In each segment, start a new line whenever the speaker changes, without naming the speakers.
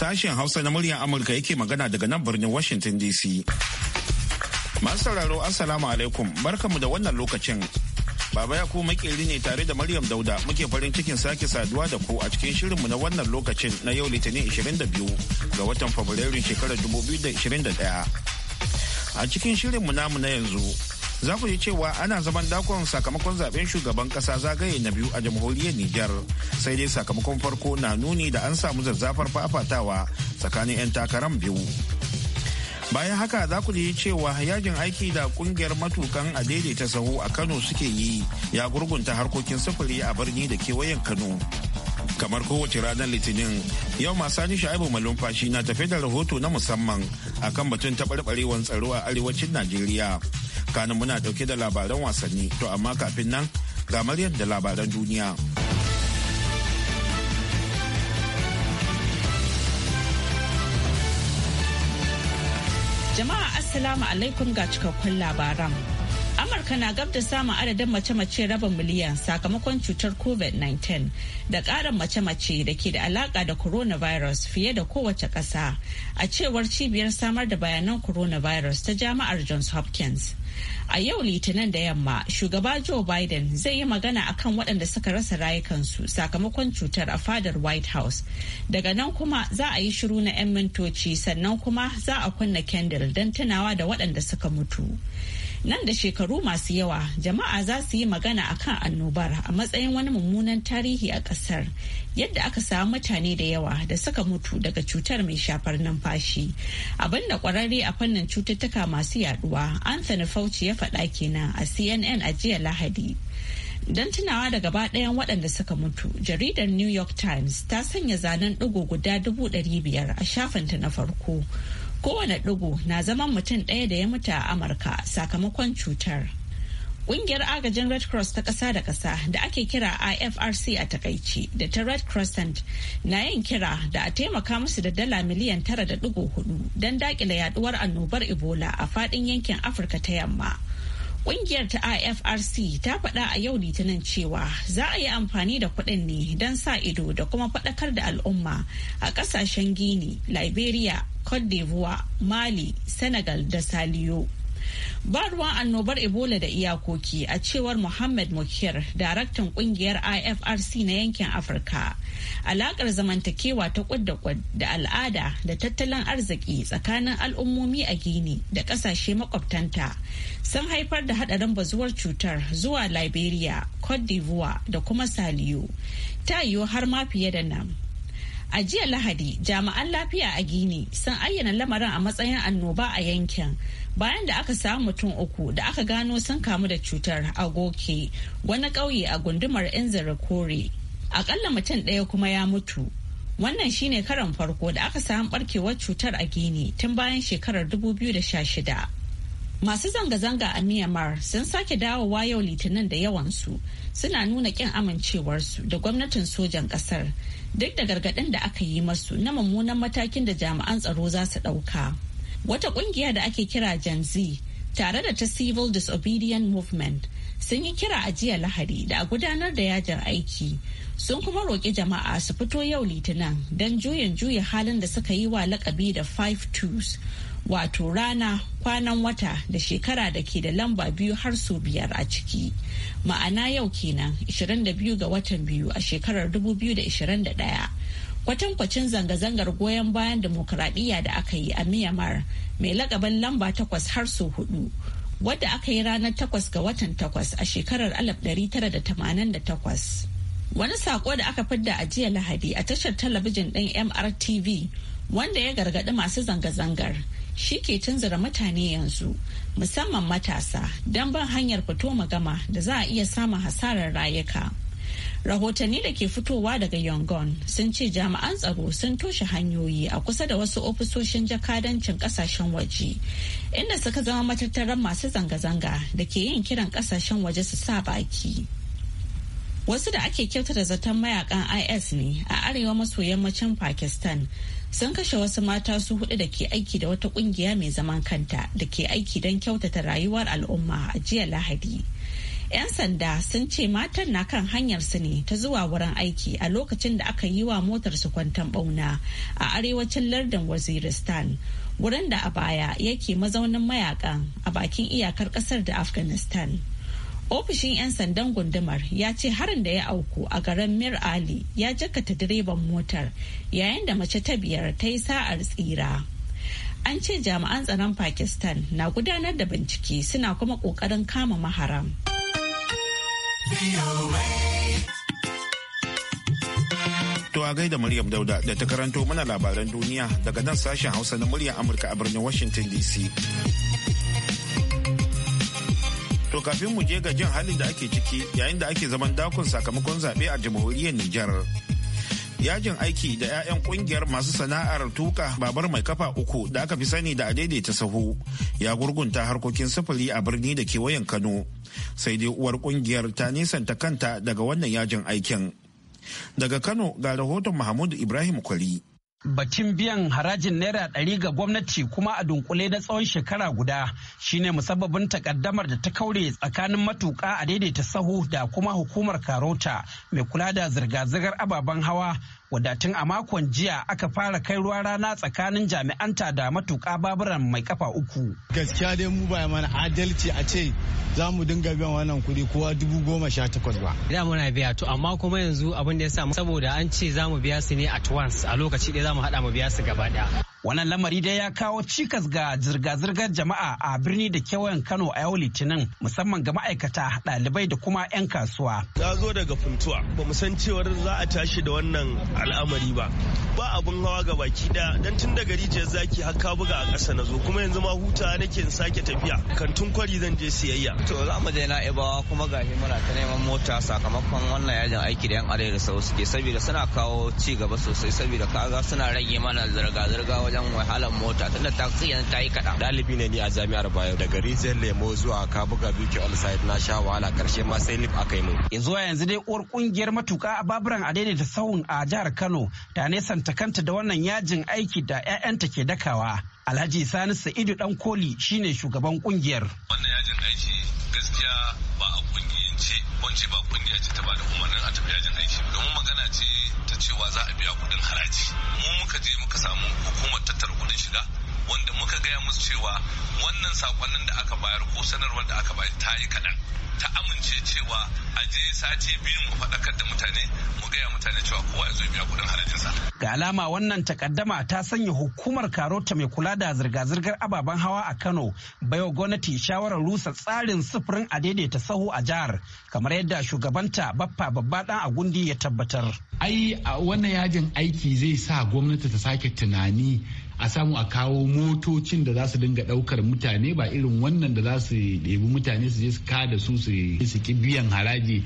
Sashen Hausa na muryar Amurka yake magana daga nan birnin Washington DC. Masu sauraro Assalamu alaikum barkamu da wannan lokacin. Baba ya kuma makeri ne tare da Maryam Dauda muke farin cikin sake saduwa da ku a cikin shirinmu na wannan lokacin na yau Litinin 22 ga watan Fabrairun shekarar 2021. A cikin shirinmu namu na yanzu za ku ji cewa ana zaman dakon sakamakon zaben shugaban kasa zagaye na biyu a jamhuriyar Nijar sai dai sakamakon farko na nuni da an samu zazzafar fafatawa tsakanin 'yan takaran biyu. Bayan haka za ku ji cewa yajin aiki da kungiyar matukan a ta sahu a Kano suke yi ya gurgunta harkokin sufuri a birni da kewayen Kano. kamar kowace ranar litinin yau masani sha'ibu malumfashi na tafe da rahoto na musamman akan batun taɓarɓarewar tsaro a arewacin najeriya kanin muna dauke da labaran wasanni to amma kafin nan ga da labaran duniya
jama'a assalamu alaikum ga cikakkun labaran amurka na gab da samun adadin mace-mace raba miliyan sakamakon cutar covid-19 da ƙarin mace-mace da ke da alaƙa da coronavirus fiye da kowace ƙasa a cewar cibiyar samar da bayanan coronavirus ta jama'ar johns hopkins A yau Litinin da yamma, shugaba Joe Biden zai yi magana akan waɗanda suka rasa rayukansu sakamakon cutar a fadar White House. Daga nan kuma za a yi shiru na 'yan mintoci sannan kuma za a kunna kendir don tunawa da waɗanda suka mutu. nan da shekaru masu yawa jama'a za su yi magana a kan annobar a matsayin wani mummunan tarihi a kasar yadda aka samu mutane da yawa da suka mutu daga cutar mai shafar numfashi abinda kwararre a fannin cututtuka masu yaduwa anthony fauci ya faɗa kenan a cnn a jiya lahadi don tunawa da gaba ɗayan waɗanda suka mutu jaridar new york times ta sanya zanen ɗigo guda dubu ɗari biyar a shafinta na farko kowane ɗigo na zaman mutum ɗaya da ya mutu a amurka sakamakon cutar Ƙungiyar agajin Red Cross ta ƙasa da ƙasa da ake kira IFRC a takaici da ta Red Crescent na yin kira da a taimaka musu da dala miliyan tara da ɗigo hudu don daƙile yaduwar annobar Ebola a faɗin yankin Afirka ta yamma. Ƙungiyar ta IFRC ta faɗa a yau Litinin cewa za a yi amfani da kuɗin ne don sa ido da kuma faɗakar da al'umma a ƙasashen Guinea, Liberia, Cote d'Ivoire, Mali, Senegal da Saliyo. ba ruwan annobar ebola da iyakoki a cewar muhammad mukir daraktan kungiyar ifrc na yankin afirka alakar zamantakewa ta kwad da al'ada da tattalin arziki tsakanin al'ummomi a gini da ƙasashe makwabtanta sun haifar da haɗarin bazuwar cutar zuwa liberia cote d'ivoire da kuma saliyo ta yiwu har ma fiye da nan A jiya Lahadi, jami'an lafiya a Gini sun ayyana lamarin a matsayin annoba a yankin bayan da aka samu mutum uku da aka gano sun kamu da cutar a goke wani ƙauye a gundumar yan kore akalla mutum ɗaya kuma ya mutu wannan shine karan farko da aka samu barkewar cutar a gini tun bayan shekarar 2016 masu zanga-zanga a myanmar sun sake dawowa yau litinin da yawansu suna nuna kin amincewarsu da gwamnatin sojan kasar duk da gargaɗin da aka yi masu na mummunan matakin da jami'an tsaro za su ɗauka. Wata kungiya da ake kira Gen Z tare da ta Civil Disobedient Movement sun yi kira a jiya Lahadi da a gudanar da yajin aiki. Sun kuma roƙi jama'a su fito yau Litinin don juyin juya halin da suka yi wa lakabi da five twos wato rana kwanan wata da shekara da ke da lamba biyu har su biyar a ciki. Ma'ana yau kenan 22 ga watan biyu a shekarar 2021. kwatankwacin zanga-zangar goyon bayan demokuraɗiyya da aka yi a myanmar mai lakabin lamba takwas har sau hudu wadda aka yi ranar takwas ga watan takwas a shekarar 1988 wani sako da aka fidda a jiya lahadi a tashar talabijin ɗin mrtv wanda ya gargaɗi masu zanga-zangar shi ke tunzura mutane yanzu musamman matasa don ban hanyar fito magama da za a iya samun hasarar rayuka. rahotanni da ke fitowa daga yangon sun ce jami'an tsaro sun toshe hanyoyi a kusa da wasu ofisoshin jakadancin kasashen waje inda suka zama matattaran masu zanga-zanga da ke yin kiran kasashen waje su sa baki wasu da ake kyautata zaton mayakan is ne a arewa maso yammacin pakistan sun kashe wasu mata su hudu da ke aiki da wata kungiya mai zaman kanta da ke aiki don kyautata rayuwar al'umma a jiya lahadi 'Yan sanda sun ce matan na kan hanyarsu ne ta zuwa wurin aiki a lokacin da aka yi wa motarsu kwantan bauna a arewacin lardin Waziristan, wurin da a baya yake mazaunin mayakan a bakin iyakar kasar da Afghanistan. Ofishin 'yan sandan gundumar ya ce harin da ya auku a garin Mir Ali ya jakata direban motar yayin da mace ta biyar ta yi sa'ar tsira. an ce jami'an tsaron pakistan na gudanar da bincike suna kuma kokarin kama maharam.
To a gaida Maryam Dauda da ta karanto mana labaran duniya daga nan sashen Hausa na muryar Amurka a birnin Washington DC. To kafin mu je ga jin halin da ake ciki yayin da ake zaman dakon sakamakon zaɓe a jamhuriyar Nijar. yajin aiki da 'ya'yan kungiyar masu sana'ar tuka babar mai kafa uku da aka fi sani da daidaita sahu ya gurgunta harkokin sufuri a birni da kewayen kano sai dai uwar kungiyar ta nisanta kanta daga wannan yajin aikin daga kano ga rahoton mahmud ibrahim kwari
Batun biyan harajin Naira ɗari ga gwamnati kuma a dunkule na tsawon shekara guda shine musabbabin takaddamar da ta kaure tsakanin matuƙa a daidaita sahu da kuma hukumar Karota mai kula da zirga-zirgar ababen hawa wadatun a makon jiya aka fara kai ruwa rana tsakanin jami'anta da matuƙa baburan mai kafa uku. Gaskiya dai mu ba mana adalci a ce za mu dinga biyan wannan kuɗi kowa dubu goma sha takwas ba. Da muna biya to amma kuma yanzu abin da ya samu saboda an ce za mu biya su ne at once a lokaci ɗaya za mu haɗa mu biya su gaba ɗaya. Wannan lamari dai ya kawo cikas ga zirga-zirgar jama'a a birni da kewayen Kano a yau Litinin musamman ga ma'aikata, ɗalibai da kuma 'yan kasuwa.
Ya zo daga funtuwa, ba mu san cewar za a tashi da wannan al'amari ba. Ba abun hawa ga baki da dan tun daga rijiyar zaki har ka buga a ƙasa na kuma yanzu ma huta nake sake tafiya.
Kantin kwari zan je siyayya. To za mu je na'ibawa kuma shi
muna ta neman mota sakamakon wannan yajin aiki da 'yan arewa da sau suke saboda suna kawo ci gaba sosai saboda kaga suna rage mana zirga-zirga wajen wahalar mota tunda taxi ta yi kaɗan. Dalibi ne ni a jami'ar Bayo daga Rijiyar Lemo zuwa Kabuga Biki on site na sha wahala karshe ma sai lip aka yi min.
Yanzu yanzu dai uwar kungiyar matuka a baburan Adede da sahun a jihar Kano ta nesanta kanta da wannan yajin aiki da 'ya'yanta ke dakawa. Alhaji Sani Sa'idu Dan Koli shine shugaban kungiyar.
Wannan yajin aiki gaskiya ba a kungiyance, wance ba kungiya ce ta ba da umarnin a tafi yajin aiki. Domin magana ce cewa za a biya kuɗin haraji mu muka je muka samu hukumar tattara kuɗin shiga wanda muka gaya musu cewa wannan sakonnin da aka bayar ko sanarwar da aka bayar ta yi kaɗan ta amince cewa a je sati biyu mu faɗakar da mutane mu gaya mutane cewa kowa ya zo biya kuɗin harajinsa.
Ga alama wannan takaddama ta sanya hukumar karota mai kula da zirga-zirgar ababen hawa a Kano baiwa gwamnati shawarar rusa tsarin sufurin a daidaita sahu a jihar kamar yadda shugabanta baffa babba dan gundi ya tabbatar.
Ai wannan yajin aiki zai sa gwamnati ta sake tunani a samu a kawo motocin da za su dinga daukar mutane ba irin wannan da za su ɗebi mutane su je su kada su su ki biyan haraji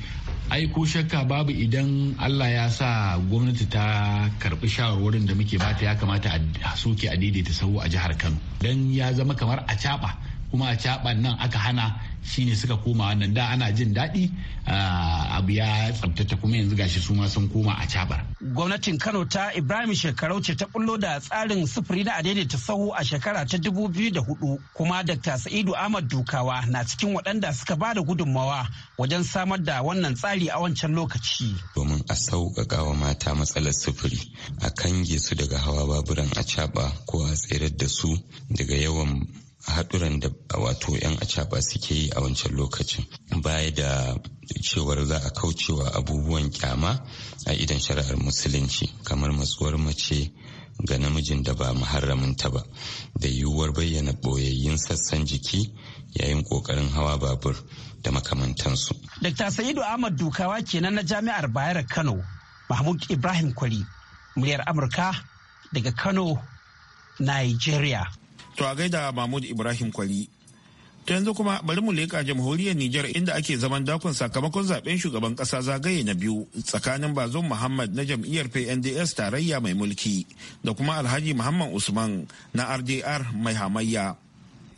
ai ko shakka babu idan Allah ya sa gwamnati ta karbi shawarwarin da muke bata ya kamata a soke a daidaita sau a jihar Kano dan ya zama kamar a caba kuma a caban nan aka hana shine suka koma wannan da ana jin daɗi ah, abu ya tsabtata kuma yanzu gashi su ma sun koma a cabar.
Gwamnatin Kano ta Ibrahim Shekarau ce ta bullo da tsarin sufuri na ta sahu a shekara ta dubu biyu da hudu kuma Dr. Sa'idu Ahmad Dukawa na cikin waɗanda suka ba da gudunmawa wajen samar da wannan tsari a wancan lokaci.
Domin a sauƙaƙa wa mata matsalar sufuri a kange su daga hawa baburan a caɓa ko a tsayar da su daga yawan haɗuran da wato 'yan acaba suke yi a wancan lokacin baya da cewar za a kaucewa abubuwan kyama a idan shari'ar musulunci kamar matsuwar mace ga namijin da ba muharraminta ba da yiwuwar bayyana ɓoyayyun sassan jiki yayin ƙoƙarin hawa babur da makamantansu.
Dr. Sayidu Ahmad Dukawa kenan na Jami'ar Bayero Kano, Mahmud Ibrahim Kwari, muryar Amurka
daga Kano, Nigeria. To a gaida Mahmud Ibrahim Kwali. To yanzu kuma bari mu leƙa jamhuriyar Nijar inda ake zaman dakon sakamakon zaben shugaban kasa zagaye na biyu tsakanin Bazon Muhammad na jam'iyyar PNDS tarayya mai mulki da kuma Alhaji Muhammad Usman na RDR mai hamayya.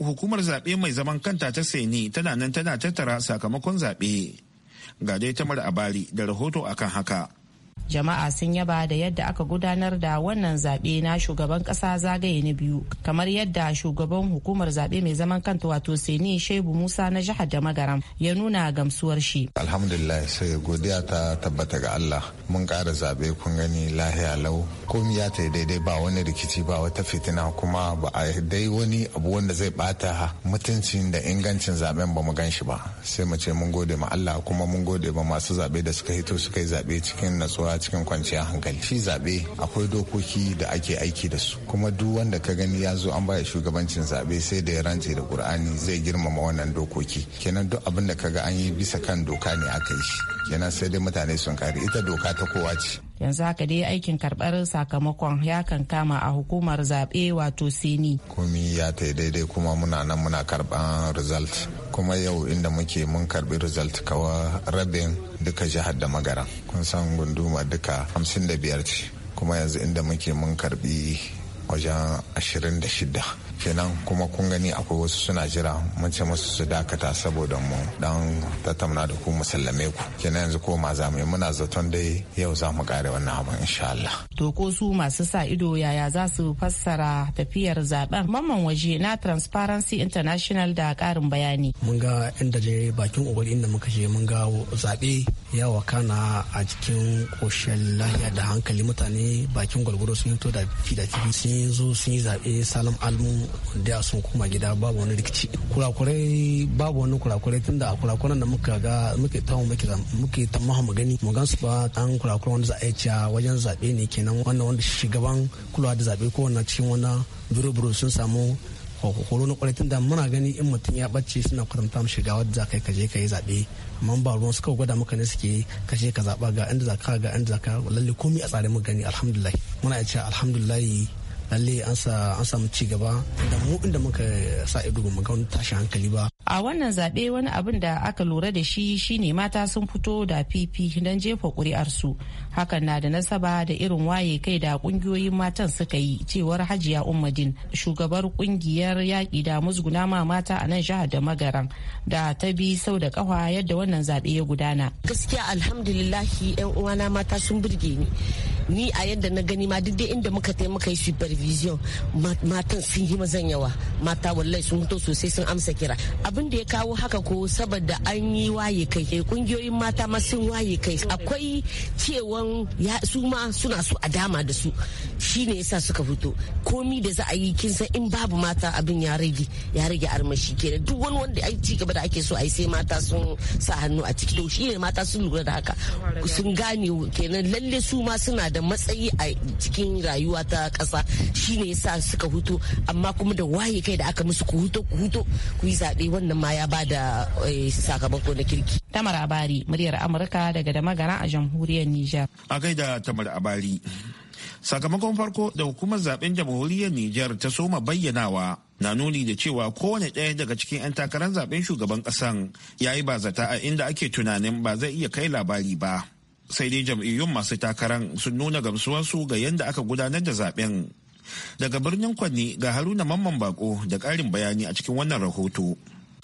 Hukumar zaɓe mai zaman kanta ta saini tana nan tana tattara sakamakon zaɓe. Ga dai tamar abari da rahoto akan haka.
jama'a sun yaba da yadda aka gudanar da wannan zaɓe na shugaban ƙasa zagaye na biyu kamar yadda shugaban hukumar zaɓe mai zaman kanta wato seni shaibu musa na jihar da magaram ya nuna gamsuwar shi
alhamdulillah sai godiya ta tabbata ga allah mun ƙara zaɓe kun gani lahiya lau komi ya ta daidai ba wani rikici ba wata fitina kuma ba a dai wani abu wanda zai bata mutuncin da ingancin zaben ba mu gan shi ba sai mu ce mun gode ma allah kuma mun gode ma masu zaɓe da suka hito suka yi zaɓe cikin natsuwa gudanarwa cikin kwanciyar hankali shi zaɓe akwai dokoki da ake aiki da su kuma duk wanda ka gani ya zo an baya shugabancin zaɓe sai da ya rance da qur'ani zai girmama wannan dokoki kenan duk abin da ka ga an yi bisa kan doka ne aka yi shi kenan sai dai mutane sun kare ita doka ta kowa ce
yanzu haka dai aikin karbar sakamakon ya kan kama a hukumar zaɓe wato sini
komi ya ta daidai kuma muna nan muna karban result kuma yau inda muke mun karbi result kawa rabin duka jihar da magara kun san gunduma duka 55 ce kuma yanzu inda muke mun karbi wajen 26 kenan kuma kun gani akwai wasu suna jira mun ce musu su dakata saboda mu dan tattauna da ku musallame ku kenan yanzu ko ma za muna zaton dai yau za mu kare wannan abin insha Allah
to ko su masu sa ido yaya za su fassara tafiyar zaben mamman waje na Transparency International da karin bayani
mun ga inda je bakin kokari inda muka je mun ga zabe ya wakana a cikin koshin lahiya da hankali mutane bakin gwargwaro sun fito da fi da sun zo sun yi zaɓe salam almu da sun koma gida babu wani rikici kurakurai babu wani kurakurai tun a kurakuran da muka ga muke ta muke ta maha magani mu gan su ba an kurakuran wanda za a yi wajen zaɓe ne kenan wanda wanda shugaban kulawa da zaɓe ko wannan cikin wannan buru-buru sun samu horo na kwarai da muna gani in mutum ya bacci suna kwatanta mu shiga wadda za ka yi kaje ka yi zaɓe amma ba ruwan suka gwada maka ne suke je ka zaɓa ga inda za ka ga inda za ka lalle komai a tsare mu gani alhamdulillah muna ya ce alhamdulillah lalle an samu ci gaba da mu inda muka sa ido ba ga wani tashi hankali ba
a wannan zabe wani abin da aka lura da shi shine mata sun fito da fifi don jefa su hakan na da nasaba da irin waye kai da kungiyoyin matan suka yi cewar hajiya ummadin shugabar kungiyar yaƙi da musguna ma mata a nan jihar da magaran da ta bi sau da kafa yadda wannan zabe ya gudana gaskiya alhamdulillahi yan uwana mata sun burge ni ni a yadda na gani ma duk dai inda muka taimaka muka yi supervision matan sun yi mazan yawa mata wallahi sun fito sosai sun amsa kira abin da ya kawo haka ko saboda an yi waye kai kungiyoyin eh, mata ma sun waye kai akwai cewan ya su ma suna su a dama da su shine yasa suka fito komi da za a yi kin san in babu mata abin ya rage ya rage armashi kenan duk wani wanda ai ci gaba da ake so ai sai mata sun sa hannu a ciki to shine mata sun lura da haka sun gane kenan lalle su ma suna da da matsayi a cikin rayuwa ta ƙasa shine yasa suka hutu amma kuma da waye kai da aka musu ku huto ku huto ku yi zaɓe wannan ma ya ba da eh, sakamako na kirki. Tamar Abari muryar Amurka daga da magana a jamhuriyar Nijar.
A gaida Tamar Abari. Sakamakon farko da hukumar zaben jamhuriyar Nijar ta soma bayyanawa na nuni da cewa kowane ɗaya daga cikin 'yan takarar zaben shugaban ƙasan ya yi ba zata a inda ake tunanin ba zai iya kai labari ba. sai dai jam'iyyun masu takaran sun nuna su ga yadda aka gudanar da zaben daga birnin kwanni ga haruna mamman bako da ƙarin bayani a cikin wannan rahoto.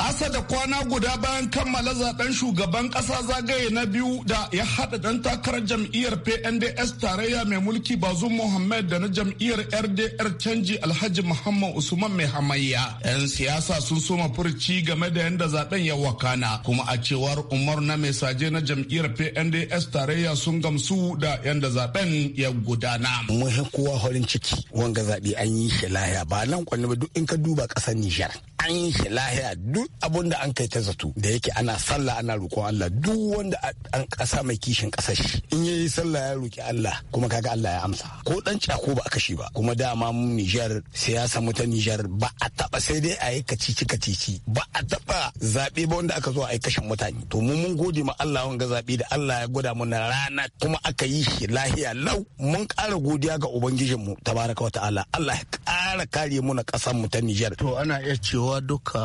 Asa da kwana
guda bayan kammala zaben shugaban kasa zagaye na biyu
da ya haɗa ɗan takarar jam'iyyar PNDS tarayya mai mulki bazu Muhammad da na jam'iyyar RDR canji Alhaji Muhammad Usman mai hamayya. 'Yan siyasa sun soma furci game da yadda zaben ya wakana kuma a cewar Umar na mai saje na jam'iyyar PNDS tarayya sun gamsu da yadda zaben ya gudana. Mun kowa farin ciki wanga zaɓe an yi shi lahiya ba nan kwanne ba duk in ka duba ƙasar Nijar an yi shi
lahiya duk abun da an kai ta zato da yake ana sallah ana roƙon Allah duk wanda an ƙasa mai kishin shi in yayi sallah ya roƙi Allah kuma kaga Allah ya amsa ko dan cako ba aka shi ba kuma dama mu Nijar siyasa mu ta Nijar ba a taba sai dai a yi kacici kacici ba a taba zabe ba wanda aka zo a yi kashin mutane to mu mun gode ma Allah wanga zabe da Allah ya gwada mu na rana kuma aka yi shi lahiya lau mun ƙara godiya ga ubangijinmu tabaraka wa ta'ala
Allah ya ƙara kare mu na ƙasar mu ta Nijar to ana iya cewa duka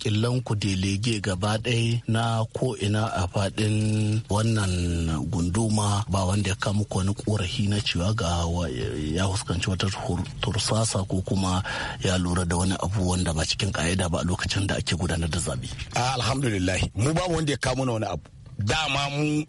Killan ku delege gaba ɗaya na ko ina a faɗin wannan gunduma ba wanda ya kama ko wani korafi na cewa ga ya fuskanci wata tursasa ko kuma ya lura da wani abu wanda ba cikin ka'ida ba a lokacin da ake gudanar da zabe.
alhamdulillah mu babu wanda ya kama wani abu dama mu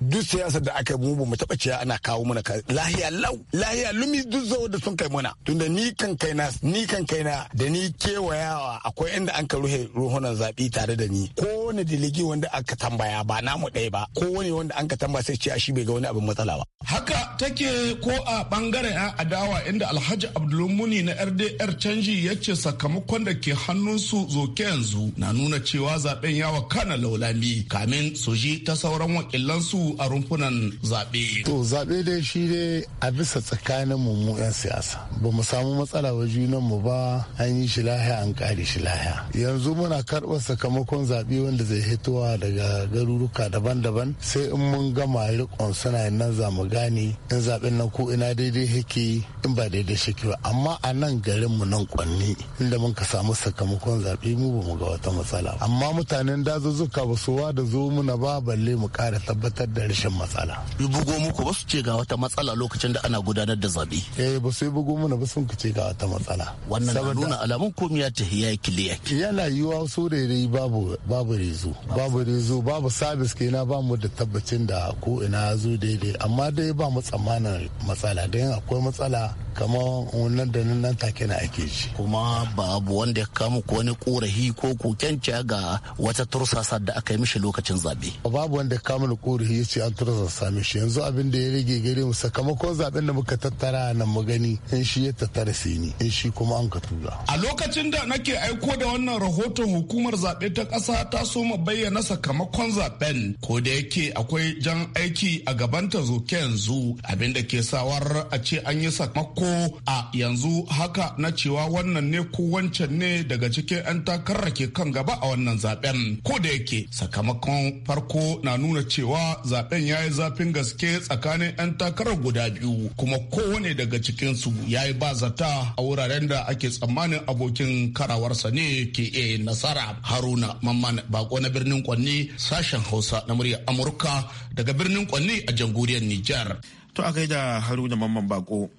duk siyasar da aka yi mu mu taba ciya ana kawo mana ka lahiya lau lahiya lumi duk zo da sun kai mana tunda ni kan kaina ni kan kaina da ni kewayawa akwai inda an ka ruhe ruhunan zabi tare da ni ko wani diligi wanda aka tambaya ba namu ɗaya ba ko wani wanda an ka tambaya sai ce shi bai ga wani abin matsala ba
haka take ko a bangaren a adawa inda alhaji abdulmuni na rdr canji ya ce sakamakon da ke hannunsu zoke yanzu na nuna cewa zaben yawa kana laulami kamin su ji ta sauran wakilansu a rumfunan zaɓe.
To zaɓe dai shi dai a bisa tsakanin mu 'yan siyasa. Ba mu samu matsala wa junan mu ba an yi shi lahiya an kare shi lahiya. Yanzu muna karɓar sakamakon zaɓe wanda zai hitowa daga garuruka daban-daban sai in mun gama riƙon suna nan za mu gane in zaɓen nan ko ina daidai yake in ba daidai shi ba. Amma a nan garin mu nan kwanni inda mun ka samu sakamakon zaɓe mu ba mu ga wata matsala. Amma mutanen dazuzzuka ba su wa da zo muna ba balle mu ƙara tabbatar da da rashin matsala.
Bi bugo muku ba su ce ga wata matsala lokacin da ana gudanar da zabe.
Eh ba su yi bugo mana ba sun ce ga wata matsala. Wannan na nuna alamun komiya ta hiya kiliya. Yana yiwa so rairayi babu babu rezo babu rezo babu sabis kenan ba mu da tabbacin da ko ina zo daidai amma dai ba mu tsammanin matsala dan akwai matsala kamar wannan da nan take na ake shi kuma babu wanda ya kama ko wani korafi
ko kokenci ga wata tursasa da aka yi mishi lokacin zabe
babu wanda ya kama korafi ya ce an tursasa mishi yanzu abin da ya rage gare mu sakamakon zaben da muka tattara na mu gani in shi ya tattara ni in shi kuma an ka tura
a lokacin da nake aiko da wannan rahoton hukumar zabe ta kasa ta so bayyana sakamakon zaben ko da yake akwai jan aiki a gabanta ke yanzu abin da ke sawar a ce an yi sakamako ko a yanzu haka na cewa wannan ne ko wancan ne daga cikin 'yan takarar ke kan gaba a wannan zaben ko da yake sakamakon farko na nuna cewa zaben ya yi zafin gaske tsakanin 'yan takarar guda biyu kuma kowane daga cikinsu ya yi ba zata a wuraren da ake tsammanin abokin karawarsa ne ke nasara haruna mamman bako na birnin kwanni sashen hausa na muryar amurka
daga birnin kwanni a jamhuriyar nijar to a gaida haruna mamman bako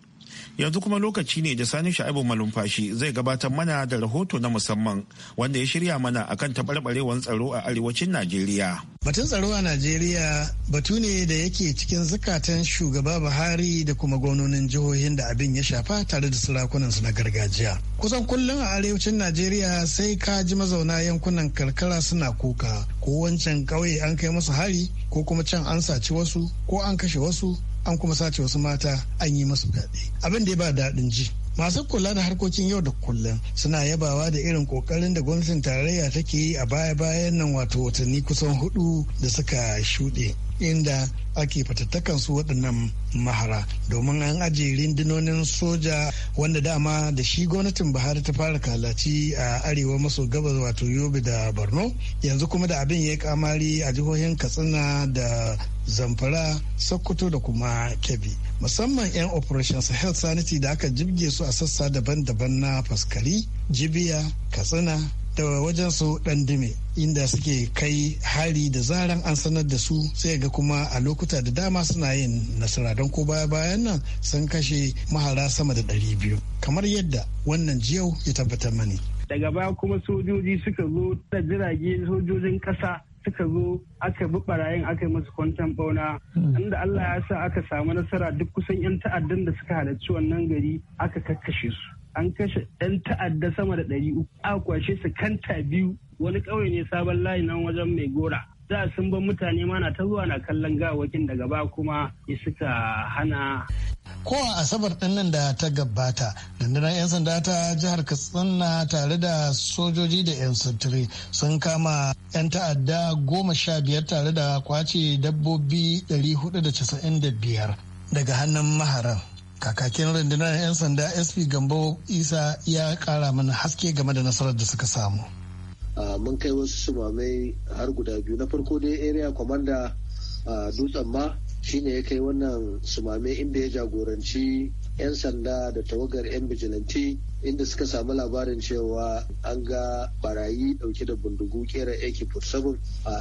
yanzu kuma lokaci ne da sani sha'ibu malumfashi zai gabatar mana da rahoto na musamman wanda ya shirya mana akan taɓarɓarewar tsaro a arewacin najeriya
batun tsaro a najeriya batu ne da yake cikin zukatan shugaba buhari da kuma gwamnonin jihohin da abin ya shafa tare da sarakunan su na gargajiya kusan kullum a arewacin najeriya sai ka ji mazauna yankunan karkara suna kuka ko wancan kauye an kai musu hari ko kuma can an saci wasu ko an kashe wasu an kuma sace wasu mata an yi masu fyaɗe abin da ya ba daɗin ji masu kula da harkokin yau da kullum suna yabawa da irin kokarin da gwamnatin tarayya take yi a baya-bayan nan wato watanni kusan hudu da suka shuɗe inda ake fatattakan su waɗannan mahara domin an ajiye rindinonin soja wanda dama da shi gwamnatin buhari ta fara kalaci a arewa maso gabas wato yobe da borno yanzu kuma da abin ya yi kamari a jihohin katsina da zamfara sokoto da kuma kebbi musamman 'yan operation sahel sanity da aka jibge su a sassa daban-daban na faskari jibiya katsina da wajen su dan dime inda suke kai hari da zaran an sanar da su sai ga kuma a lokuta da dama suna yin nasara don ko baya bayan nan sun kashe mahara sama da ɗari biyu kamar yadda wannan jiyau ya tabbatar mani
daga baya kuma sojoji
suka zo da jirage sojojin ƙasa suka zo aka bi barayin aka yi masu kwantan bauna hmm. inda Allah ya sa aka samu nasara duk kusan 'yan ta'addan da suka halarci wannan gari aka kakkashe su an kashe 'yan ta'adda sama da ɗari uku a kwashe su kanta biyu wani ƙauye ne sabon layi nan wajen mai gora da sun ban mutane mana ta zuwa na kallon gawakin daga ba kuma suka hana
ko a asabar ɗin nan da ta gabata dandana 'yan sanda ta jihar katsina tare da sojoji da 'yan sintiri sun kama 'yan ta'adda goma sha biyar tare da kwace dabbobi 495 daga hannun maharan kakakin rundunar 'yan sanda sp gambo isa ya kara mana haske game da nasarar da suka samu
mun kai wasu sumamai har guda biyu na farko dai area commander dutsen ma shine ya kai wannan sumamai inda ya jagoranci 'yan sanda da tawagar 'yan bijilanti inda suka samu labarin cewa an ga barayi dauke da bindigu kera ak-47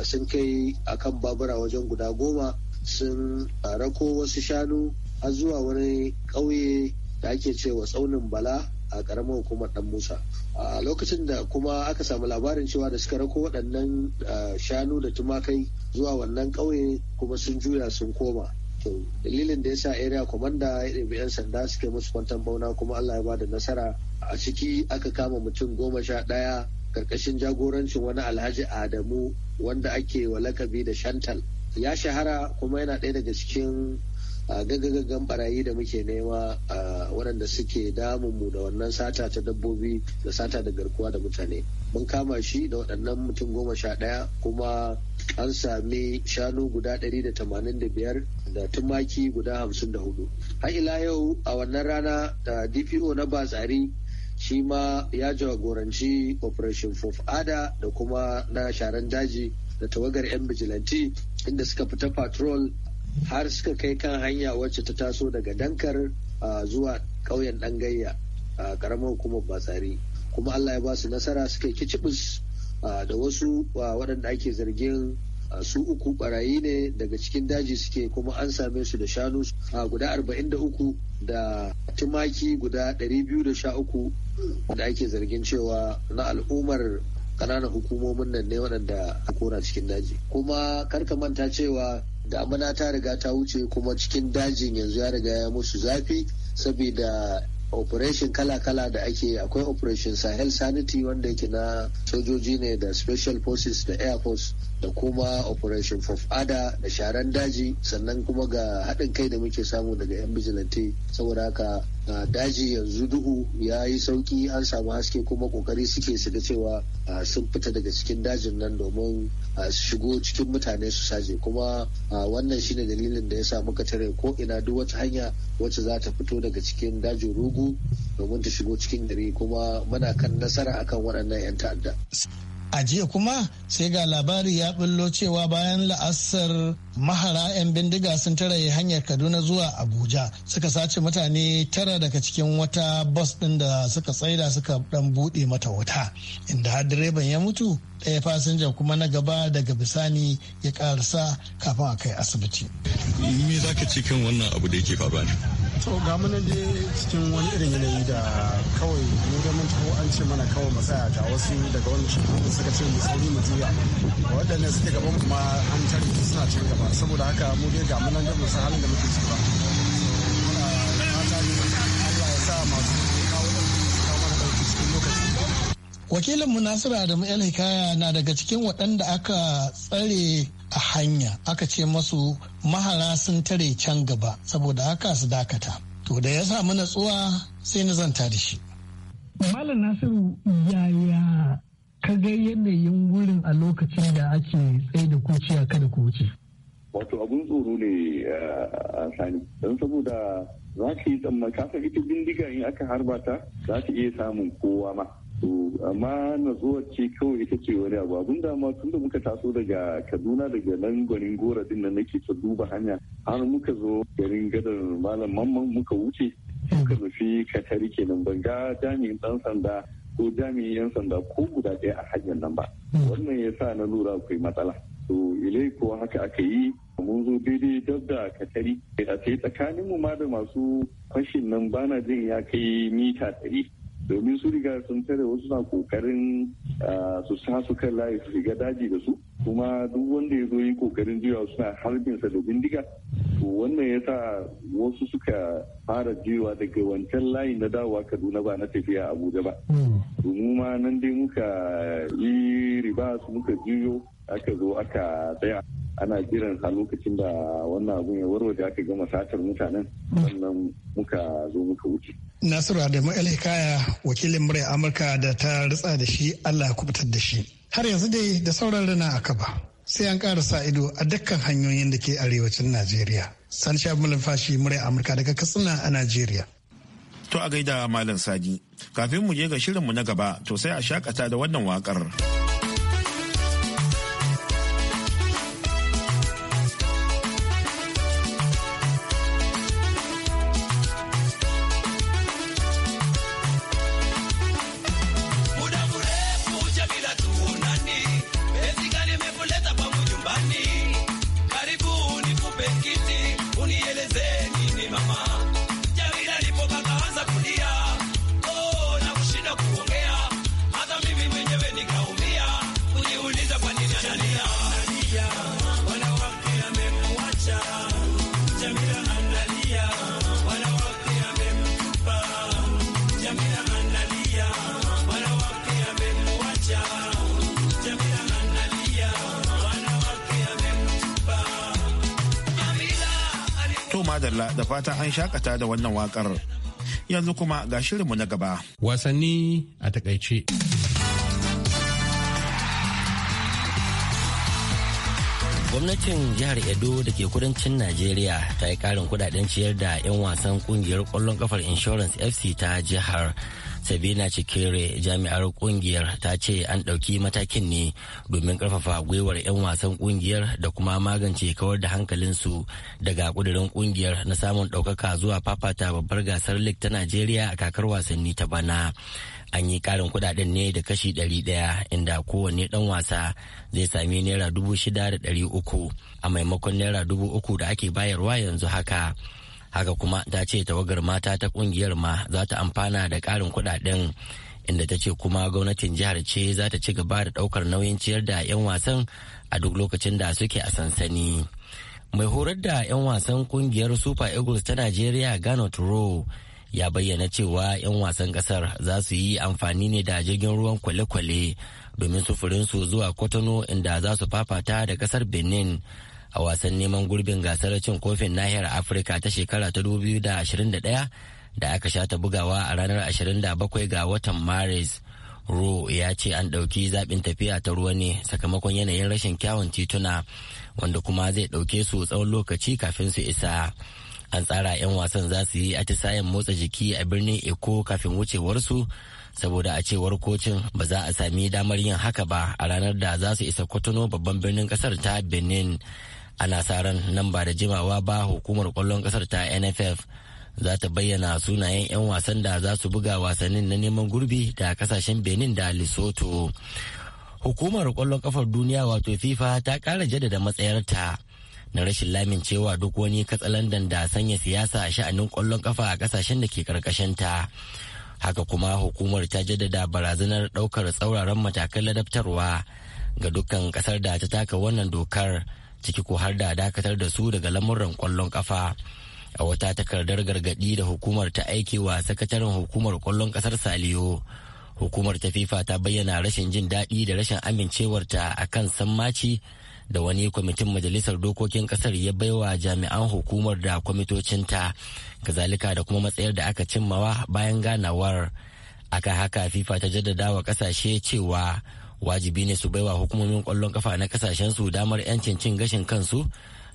sun kai akan babura wajen guda goma sun rako wasu shanu har zuwa wani ƙauye da ake cewa tsaunin bala a karamar hukumar dan musa a lokacin da kuma aka samu labarin cewa da suka rako waɗannan shanu da tumakai zuwa wannan ƙauye kuma sun juya sun koma to dalilin da ya sa area commander ya ɗabi 'yan sanda suke musu kwantan bauna kuma allah ya da nasara a ciki aka kama mutum goma sha ɗaya karkashin jagorancin wani alhaji adamu wanda ake wa lakabi da shantal ya shahara kuma yana ɗaya daga cikin gaggagaggan barayi da muke nema waɗanda suke damun mu da wannan sata ta dabbobi da sata da garkuwa da mutane mun kama shi da waɗannan mutum goma sha ɗaya kuma an sami shanu guda 185 da tumaki guda 54 har ila yau a wannan rana da dpo na batsari shi ma ya jagoranci operation Fof ada da kuma na sharan daji da tawagar 'yan bijilanti inda suka fita patrol har suka kai kan hanya wacce ta taso daga dankar zuwa ƙauyen dangayya a ƙaramar hukumar batsari kuma allah ya ba su nasara suka yi da wasu waɗanda ake zargin su uku barayi ne daga cikin daji suke kuma an same su da shanu guda 43 da tumaki guda 213 da ake zargin cewa na al'ummar ƙananan hukumomin nan ne waɗanda a kora cikin daji kuma karka manta cewa damuna ta riga ta wuce kuma cikin dajin yanzu ya riga ya musu zafi saboda operation kala-kala da ake akwai operation sahel sanity wanda yake na sojoji ne da special forces da air force da kuma operation ada da sharan daji sannan kuma ga haɗin kai da muke samu daga 'yan vigilante saboda haka daji yanzu duhu ya yi sauki an samu haske kuma kokari suke su ga cewa sun fita daga cikin dajin nan domin su shigo cikin mutane su saje kuma wannan shine dalilin da ya sa muka tare ko ina duk wata hanya wacce za ta fito daga cikin dajin rugu domin ta shigo cikin gari kuma muna kan nasara akan waɗannan 'yan ta'adda.
a jiya kuma sai ga labari ya bullo cewa bayan la'asar mahara 'yan bindiga sun taraye hanyar kaduna zuwa abuja suka sace mutane tara daga cikin wata bus din da suka tsaida suka dan bude mata wuta inda har direban ya mutu ɗaya fasinja kuma na gaba daga bisani ya karasa kafin a kai asibiti
me za ka ce kan wannan abu da yake faruwa ne
to ga mana dai cikin
wani irin yanayi da kawai mu da mun taho an ce mana kawai mu tsaya ga wasu daga wani shekaru suka ce mu sauri mu jiya waɗannan suke gaban kuma an tare suna can gaba saboda haka
mu dai ga mu da halin da muke ciki ba
cikin wakilin mu Nasiru Adamu El Hikaya na daga cikin waɗanda aka tsare a hanya aka ce masu mahara sun tare can gaba saboda haka su dakata to da ya samu natsuwa sai na zanta da shi Malam Nasiru yaya ka ga yanayin wurin a lokacin da ake tsaye da kuciya kada ku wuce.
wato abun tsoro ne eh, a sani don saboda za ka yi tsamma kasa ita bindiga in aka harba ta za ta iya samun kowa ma to amma zuwa ce kawai ita ce wani abu abun da ma tun muka taso daga kaduna daga nan gwanin gora din nan nake ta duba hanya har muka zo garin gadar malam mamman muka wuce muka nufi katari kenan ban ga jami'in dan sanda ko jami'in yan sanda ko guda ɗaya a hanyar nan ba hmm. wannan ya sa na lura akwai matsala to ilai kuwa haka aka yi mun zo daidai dab da katari a sai tsakanin mu ma da masu fashin nan bana jin ya kai mita ɗari domin su riga sun tare wasu na kokarin su sa su kan layi su shiga daji da su kuma duk wanda ya zo yi kokarin jiwa suna harbin sa da bindiga to wannan ya sa wasu suka fara jiwa daga wancan layi na dawowa kaduna ba na tafiya abuja ba hmm. mu ma nan dai muka yi riba su muka jiyo aka zo aka tsaya ana jiran sa lokacin da wannan abun ya da aka gama satar mutanen sannan muka zo muka wuce.
Nasiru Adamu Alhikaya wakilin murya Amurka da ta ritsa da shi Allah kubutar da shi. Har yanzu dai da sauran rana a kaba sai an ƙara sa ido a dukkan hanyoyin da ke arewacin Najeriya. Sanisha Mulfashi murya Amurka daga Katsina a Najeriya.
To a gaida Malam Sadi, kafin mu je ga shirinmu na gaba to sai a shakata da wannan waƙar. fata an shakata da wannan wakar. Yanzu kuma ga shirinmu na gaba.
Wasanni a takaice.
gwamnatin jihar edo da ke kudancin najeriya ta yi karin kudaden ciyar da 'yan wasan kungiyar kwallon kafar insurance fc ta jihar sabina cikere jami'ar kungiyar ta ce an ɗauki matakin ne domin ƙarfafa gwiwar 'yan wasan kungiyar da kuma magance kawar da hankalinsu daga ƙudurin kungiyar na samun ɗaukaka zuwa fafata babbar gasar lig ta najeriya a kakar wasanni ta bana an yi ƙarin kudaden ne da kashi 100 inda kowanne ɗan wasa zai sami naira dubu shida da ɗari uku a maimakon naira dubu uku da ake bayarwa yanzu haka haka kuma ta ce tawagar mata ta kungiyar ma za ta amfana da karin kudaden inda ta ce kuma gwamnatin jihar ce za ta ci gaba da ɗaukar nauyin ciyar da 'yan wasan a duk lokacin da suke a sansani mai horar da 'yan wasan kungiyar super eagles ta nigeria gano turo ya bayyana cewa 'yan wasan kasar za su yi amfani ne da jirgin ruwan kwale-kwale domin sufurinsu zuwa kotono inda za su fafata da kasar benin a wasan neman gurbin gasar cin kofin nahiyar afirka ta shekara ta 2021 da aka sha ta bugawa a ranar 27 ga watan maris ro ya ce an ɗauki zaɓin tafiya ta ruwa ne sakamakon yanayin rashin kyawun tituna wanda kuma zai ɗauke su tsawon lokaci kafin su isa an tsara 'yan wasan za su yi atisayen motsa jiki a birnin eko kafin wucewarsu saboda a cewar kocin ba za a sami damar yin haka ba a ranar da za su isa kotono babban birnin kasar ta benin ana sa nan ba da jimawa ba hukumar kwallon kasar ta nff za ta bayyana sunayen 'yan wasan da za su buga wasannin na neman gurbi da kasashen benin da lesotho hukumar kwallon kafar duniya wato fifa ta kara jaddada matsayarta na rashin lamin cewa duk wani katsalandan da sanya siyasa a sha'anin kwallon kafa a kasashen da ke karkashinta haka kuma hukumar ta jaddada barazanar daukar tsauraran matakan ladabtarwa ga dukkan kasar da ta taka wannan dokar ciki ko har da dakatar da su daga lamuran kwallon kafa a wata takardar gargadi da hukumar ta aike wa sakataren hukumar kwallon kasar saliyo hukumar ta fifa ta bayyana rashin jin daɗi da rashin amincewarta a kan sammaci da wani kwamitin majalisar dokokin kasar ya baiwa jami'an hukumar da kwamitocinta kazalika da kuma matsayar da aka cimmawa bayan ganawar aka haka fifa ta jaddada wa kasashe cewa wajibi ne su baiwa hukumomin kwallon kafa na kasashen su damar 'yancin cin gashin kansu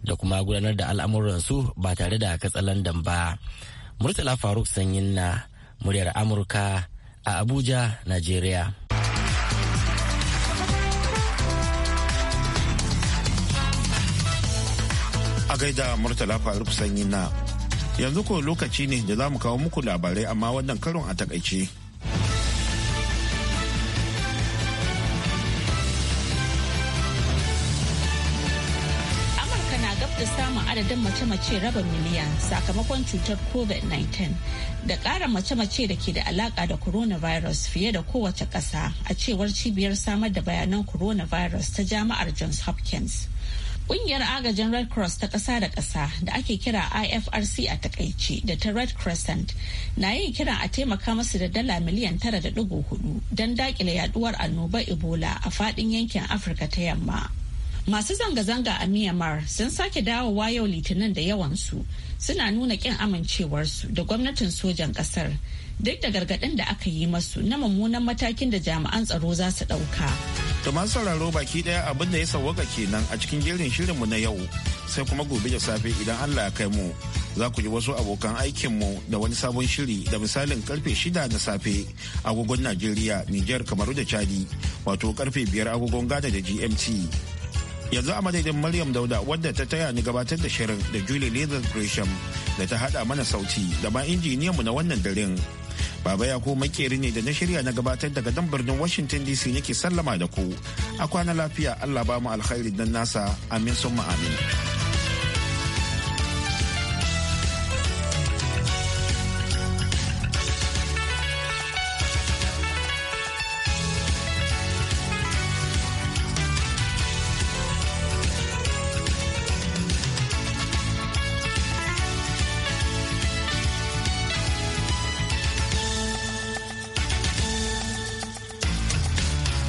da kuma gudanar da al'amuransu ba tare da katsalandan ba murtala faruk sanyin na muryar amurka a abuja nigeria a
gaida murtala faruk sanyin na yanzu ko lokaci ne da za mu kawo muku labarai amma wannan karon a takaice.
ta samun adadin mace-mace raba miliyan sakamakon cutar covid-19 da ƙara mace-mace da ke da alaƙa da coronavirus fiye da kowace ƙasa a cewar cibiyar samar da bayanan coronavirus ta jami'ar johns hopkins Ƙungiyar agajin Red Cross ta ƙasa da ƙasa da ake kira IFRC a takaice da ta Red Crescent na yin kiran a taimaka masu da dala miliyan tara da hudu don daƙile yaduwar annobar Ebola a faɗin yankin Afirka ta yamma. Masu zanga-zanga a Myanmar sun sake dawowa yau litinin da yawansu suna nuna kin amincewarsu da gwamnatin sojan kasar duk da gargaɗin da aka yi masu na mummunan matakin da jami'an tsaro za su ɗauka.
Da masu sauraro baki ɗaya abin da ya sawwaka kenan a cikin jerin mu na yau sai kuma gobe da safe idan Allah ya kai mu za ku ji wasu abokan aikin mu da wani sabon shiri da misalin karfe shida na safe agogon Najeriya, Nijar, Kamaru da Chadi wato karfe biyar agogon Ghana da GMT. yanzu a madadin maryam dauda wadda ta taya ni gabatar da shirin da julie leather gresham da ta hada mana sauti da ma injiniyanmu na wannan daren baba ya ko makeri ne da na shirya na gabatar daga dan birnin washington dc nake sallama da ku a kwana lafiya allah ba mu alkhairi dan nasa amin summa amin